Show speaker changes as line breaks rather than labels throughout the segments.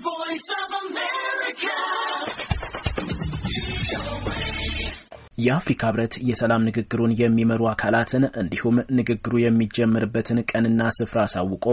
voice የአፍሪካ ህብረት የሰላም ንግግሩን የሚመሩ አካላትን እንዲሁም ንግግሩ የሚጀምርበትን ቀንና ስፍራ አሳውቆ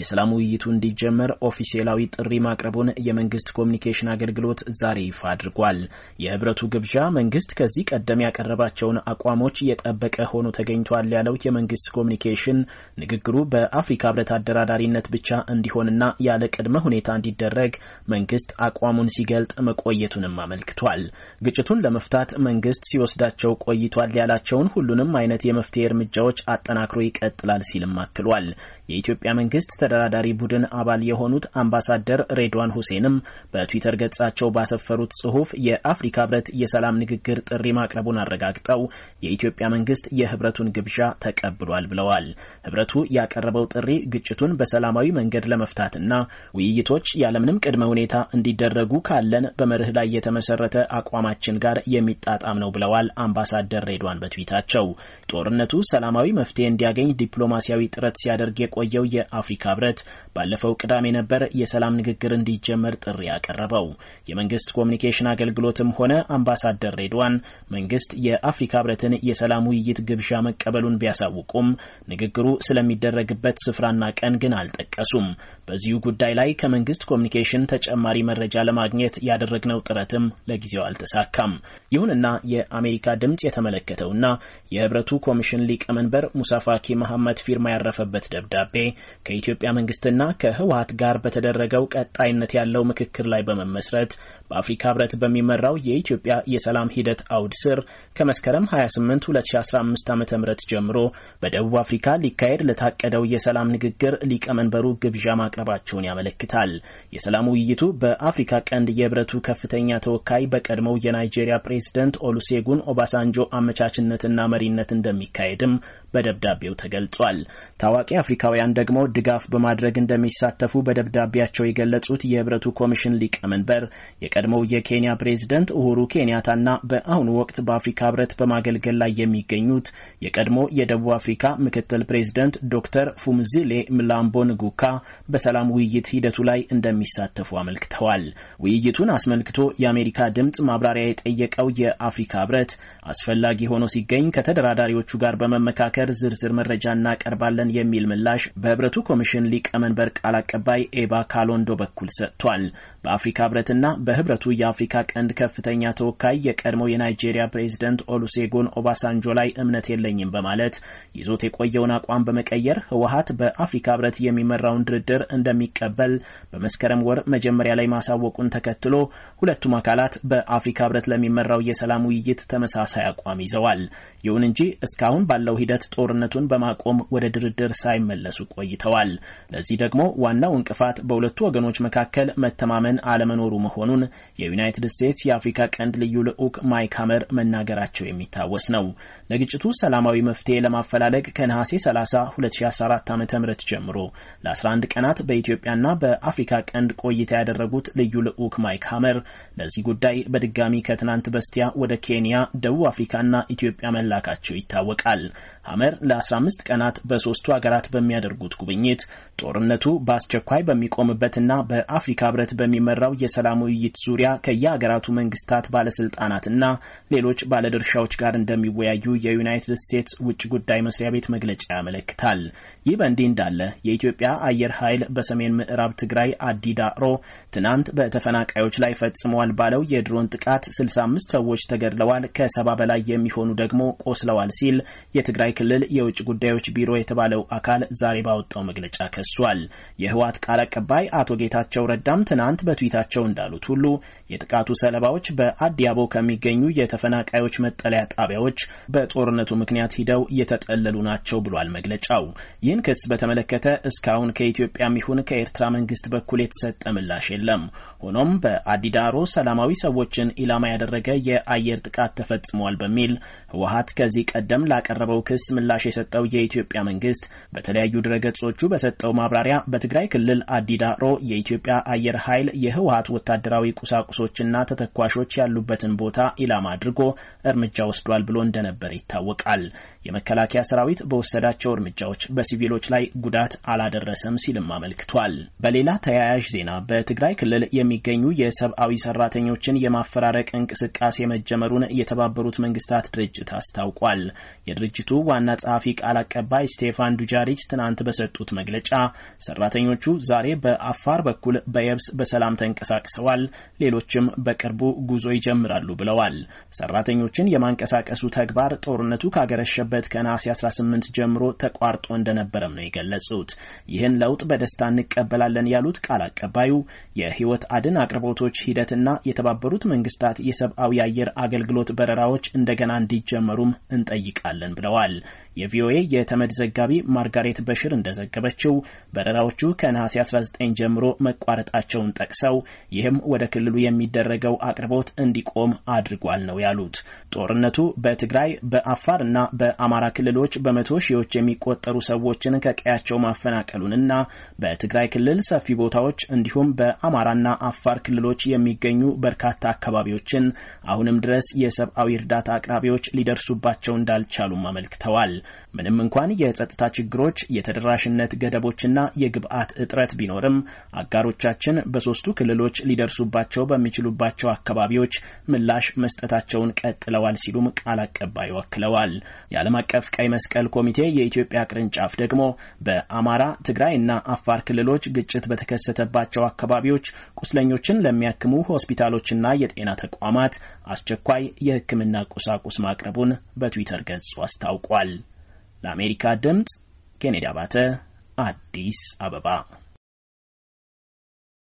የሰላም ውይይቱ እንዲጀመር ኦፊሴላዊ ጥሪ ማቅረቡን የመንግስት ኮሚኒኬሽን አገልግሎት ዛሬ ይፋ አድርጓል። የህብረቱ ግብዣ መንግስት ከዚህ ቀደም ያቀረባቸውን አቋሞች የጠበቀ ሆኖ ተገኝቷል ያለው የመንግስት ኮሚኒኬሽን ንግግሩ በአፍሪካ ህብረት አደራዳሪነት ብቻ እንዲሆንና ያለ ቅድመ ሁኔታ እንዲደረግ መንግስት አቋሙን ሲገልጥ መቆየቱንም አመልክቷል። ግጭቱን ለመፍታት መንግስት ሲወስ ሲወስዳቸው ቆይቷል ያላቸውን ሁሉንም አይነት የመፍትሄ እርምጃዎች አጠናክሮ ይቀጥላል ሲልም አክሏል። የኢትዮጵያ መንግስት ተደራዳሪ ቡድን አባል የሆኑት አምባሳደር ሬድዋን ሁሴንም በትዊተር ገጻቸው ባሰፈሩት ጽሁፍ የአፍሪካ ህብረት የሰላም ንግግር ጥሪ ማቅረቡን አረጋግጠው የኢትዮጵያ መንግስት የህብረቱን ግብዣ ተቀብሏል ብለዋል። ህብረቱ ያቀረበው ጥሪ ግጭቱን በሰላማዊ መንገድ ለመፍታትና ውይይቶች ያለምንም ቅድመ ሁኔታ እንዲደረጉ ካለን በመርህ ላይ የተመሰረተ አቋማችን ጋር የሚጣጣም ነው ብለዋል። ብለዋል አምባሳደር ሬድዋን በትዊታቸው። ጦርነቱ ሰላማዊ መፍትሄ እንዲያገኝ ዲፕሎማሲያዊ ጥረት ሲያደርግ የቆየው የአፍሪካ ህብረት ባለፈው ቅዳሜ ነበር የሰላም ንግግር እንዲጀመር ጥሪ ያቀረበው። የመንግስት ኮሚኒኬሽን አገልግሎትም ሆነ አምባሳደር ሬድዋን መንግስት የአፍሪካ ህብረትን የሰላም ውይይት ግብዣ መቀበሉን ቢያሳውቁም ንግግሩ ስለሚደረግበት ስፍራና ቀን ግን አልጠቀሱም። በዚሁ ጉዳይ ላይ ከመንግስት ኮሚኒኬሽን ተጨማሪ መረጃ ለማግኘት ያደረግነው ጥረትም ለጊዜው አልተሳካም። ይሁንና የአሜሪካ ድምፅ የተመለከተውና የህብረቱ ኮሚሽን ሊቀመንበር ሙሳፋኪ መሐመድ ፊርማ ያረፈበት ደብዳቤ ከኢትዮጵያ መንግስትና ከህወሀት ጋር በተደረገው ቀጣይነት ያለው ምክክር ላይ በመመስረት በአፍሪካ ህብረት በሚመራው የኢትዮጵያ የሰላም ሂደት አውድ ስር ከመስከረም 28 2015 ዓ ም ጀምሮ በደቡብ አፍሪካ ሊካሄድ ለታቀደው የሰላም ንግግር ሊቀመንበሩ ግብዣ ማቅረባቸውን ያመለክታል። የሰላም ውይይቱ በአፍሪካ ቀንድ የህብረቱ ከፍተኛ ተወካይ በቀድሞው የናይጄሪያ ፕሬዝደንት ኦሉሴጉ በኦሉሴጉን ኦባሳንጆ አመቻችነትና መሪነት እንደሚካሄድም በደብዳቤው ተገልጿል። ታዋቂ አፍሪካውያን ደግሞ ድጋፍ በማድረግ እንደሚሳተፉ በደብዳቤያቸው የገለጹት የህብረቱ ኮሚሽን ሊቀመንበር የቀድሞው የኬንያ ፕሬዝደንት ኡሁሩ ኬንያታና በአሁኑ ወቅት በአፍሪካ ህብረት በማገልገል ላይ የሚገኙት የቀድሞ የደቡብ አፍሪካ ምክትል ፕሬዝደንት ዶክተር ፉምዚሌ ምላምቦ ንጉካ በሰላም ውይይት ሂደቱ ላይ እንደሚሳተፉ አመልክተዋል። ውይይቱን አስመልክቶ የአሜሪካ ድምፅ ማብራሪያ የጠየቀው የአፍሪካ ህብረት በማለት አስፈላጊ ሆኖ ሲገኝ ከተደራዳሪዎቹ ጋር በመመካከር ዝርዝር መረጃ እናቀርባለን የሚል ምላሽ በህብረቱ ኮሚሽን ሊቀመንበር ቃል አቀባይ ኤባ ካሎንዶ በኩል ሰጥቷል። በአፍሪካ ህብረትና በህብረቱ የአፍሪካ ቀንድ ከፍተኛ ተወካይ የቀድሞው የናይጄሪያ ፕሬዚደንት ኦሉሴጎን ኦባሳንጆ ላይ እምነት የለኝም በማለት ይዞት የቆየውን አቋም በመቀየር ህወሀት በአፍሪካ ህብረት የሚመራውን ድርድር እንደሚቀበል በመስከረም ወር መጀመሪያ ላይ ማሳወቁን ተከትሎ ሁለቱም አካላት በአፍሪካ ህብረት ለሚመራው የሰላም ውይይት ተመሳሳይ አቋም ይዘዋል። ይሁን እንጂ እስካሁን ባለው ሂደት ጦርነቱን በማቆም ወደ ድርድር ሳይመለሱ ቆይተዋል። ለዚህ ደግሞ ዋናው እንቅፋት በሁለቱ ወገኖች መካከል መተማመን አለመኖሩ መሆኑን የዩናይትድ ስቴትስ የአፍሪካ ቀንድ ልዩ ልዑክ ማይክ ሀመር መናገራቸው የሚታወስ ነው። ለግጭቱ ሰላማዊ መፍትሄ ለማፈላለግ ከነሐሴ 30 2014 ዓ ም ጀምሮ ለ11 ቀናት በኢትዮጵያና በአፍሪካ ቀንድ ቆይታ ያደረጉት ልዩ ልዑክ ማይክ ሀመር ለዚህ ጉዳይ በድጋሚ ከትናንት በስቲያ ወደ ኬንያ ደቡብ አፍሪካና ኢትዮጵያ መላካቸው ይታወቃል። ሀመር ለ15 ቀናት በሶስቱ ሀገራት በሚያደርጉት ጉብኝት ጦርነቱ በአስቸኳይ በሚቆምበትና በአፍሪካ ህብረት በሚመራው የሰላም ውይይት ዙሪያ ከየሀገራቱ መንግስታት ባለስልጣናትና ሌሎች ባለድርሻዎች ጋር እንደሚወያዩ የዩናይትድ ስቴትስ ውጭ ጉዳይ መስሪያ ቤት መግለጫ ያመለክታል። ይህ በእንዲህ እንዳለ የኢትዮጵያ አየር ኃይል በሰሜን ምዕራብ ትግራይ አዲዳሮ ትናንት በተፈናቃዮች ላይ ፈጽመዋል ባለው የድሮን ጥቃት 65 ሰዎች ተገድለዋል፣ ከሰባ በላይ የሚሆኑ ደግሞ ቆስለዋል ሲል የትግራይ ክልል የውጭ ጉዳዮች ቢሮ የተባለው አካል ዛሬ ባወጣው መግለጫ ከሷል። የህወሓት ቃል አቀባይ አቶ ጌታቸው ረዳም ትናንት በትዊታቸው እንዳሉት ሁሉ የጥቃቱ ሰለባዎች በአዲያቦ ከሚገኙ የተፈናቃዮች መጠለያ ጣቢያዎች በጦርነቱ ምክንያት ሂደው እየተጠለሉ ናቸው ብሏል መግለጫው። ይህን ክስ በተመለከተ እስካሁን ከኢትዮጵያም ይሁን ከኤርትራ መንግስት በኩል የተሰጠ ምላሽ የለም። ሆኖም በአዲዳሮ ሰላማዊ ሰዎችን ኢላማ ያደረገ የአየር ጥቃት ተፈጽሟል በሚል ህወሀት ከዚህ ቀደም ላቀረበው ክስ ምላሽ የሰጠው የኢትዮጵያ መንግስት በተለያዩ ድረገጾቹ በሰጠው ማብራሪያ በትግራይ ክልል አዲዳሮ የኢትዮጵያ አየር ኃይል የህወሀት ወታደራዊ ቁሳቁሶችና ተተኳሾች ያሉበትን ቦታ ኢላማ አድርጎ እርምጃ ወስዷል ብሎ እንደነበር ይታወቃል። የመከላከያ ሰራዊት በወሰዳቸው እርምጃዎች በሲቪሎች ላይ ጉዳት አላደረሰም ሲልም አመልክቷል። በሌላ ተያያዥ ዜና በትግራይ ክልል የሚገኙ የሰብአዊ ሰራተኞችን የማፈራረቅ እንቅስቃሴ መጀመሩን የ የተባበሩት መንግስታት ድርጅት አስታውቋል። የድርጅቱ ዋና ጸሐፊ ቃል አቀባይ ስቴፋን ዱጃሪች ትናንት በሰጡት መግለጫ ሰራተኞቹ ዛሬ በአፋር በኩል በየብስ በሰላም ተንቀሳቅሰዋል፣ ሌሎችም በቅርቡ ጉዞ ይጀምራሉ ብለዋል። ሰራተኞችን የማንቀሳቀሱ ተግባር ጦርነቱ ካገረሸበት ከነሐሴ 18 ጀምሮ ተቋርጦ እንደነበረም ነው የገለጹት። ይህን ለውጥ በደስታ እንቀበላለን ያሉት ቃል አቀባዩ የህይወት አድን አቅርቦቶች ሂደትና የተባበሩት መንግስታት የሰብአዊ አየር አገልግሎት በረራዎች እንደገና እንዲጀመሩም እንጠይቃለን ብለዋል። የቪኦኤ የተመድ ዘጋቢ ማርጋሬት በሽር እንደዘገበችው በረራዎቹ ከነሐሴ 19 ጀምሮ መቋረጣቸውን ጠቅሰው ይህም ወደ ክልሉ የሚደረገው አቅርቦት እንዲቆም አድርጓል ነው ያሉት። ጦርነቱ በትግራይ በአፋር እና በአማራ ክልሎች በመቶ ሺዎች የሚቆጠሩ ሰዎችን ከቀያቸው ማፈናቀሉንና በትግራይ ክልል ሰፊ ቦታዎች እንዲሁም በአማራና አፋር ክልሎች የሚገኙ በርካታ አካባቢዎችን አሁንም ድረስ የሰ የሰብአዊ እርዳታ አቅራቢዎች ሊደርሱባቸው እንዳልቻሉም አመልክተዋል። ምንም እንኳን የጸጥታ ችግሮች፣ የተደራሽነት ገደቦችና የግብአት እጥረት ቢኖርም አጋሮቻችን በሶስቱ ክልሎች ሊደርሱባቸው በሚችሉባቸው አካባቢዎች ምላሽ መስጠታቸውን ቀጥለዋል ሲሉም ቃል አቀባይ ወክለዋል። የዓለም አቀፍ ቀይ መስቀል ኮሚቴ የኢትዮጵያ ቅርንጫፍ ደግሞ በአማራ፣ ትግራይ እና አፋር ክልሎች ግጭት በተከሰተባቸው አካባቢዎች ቁስለኞችን ለሚያክሙ ሆስፒታሎችና የጤና ተቋማት አስቸኳይ የሕክምና ቁሳቁስ ማቅረቡን በትዊተር ገጹ አስታውቋል። ለአሜሪካ ድምፅ ኬኔዲ አባተ አዲስ አበባ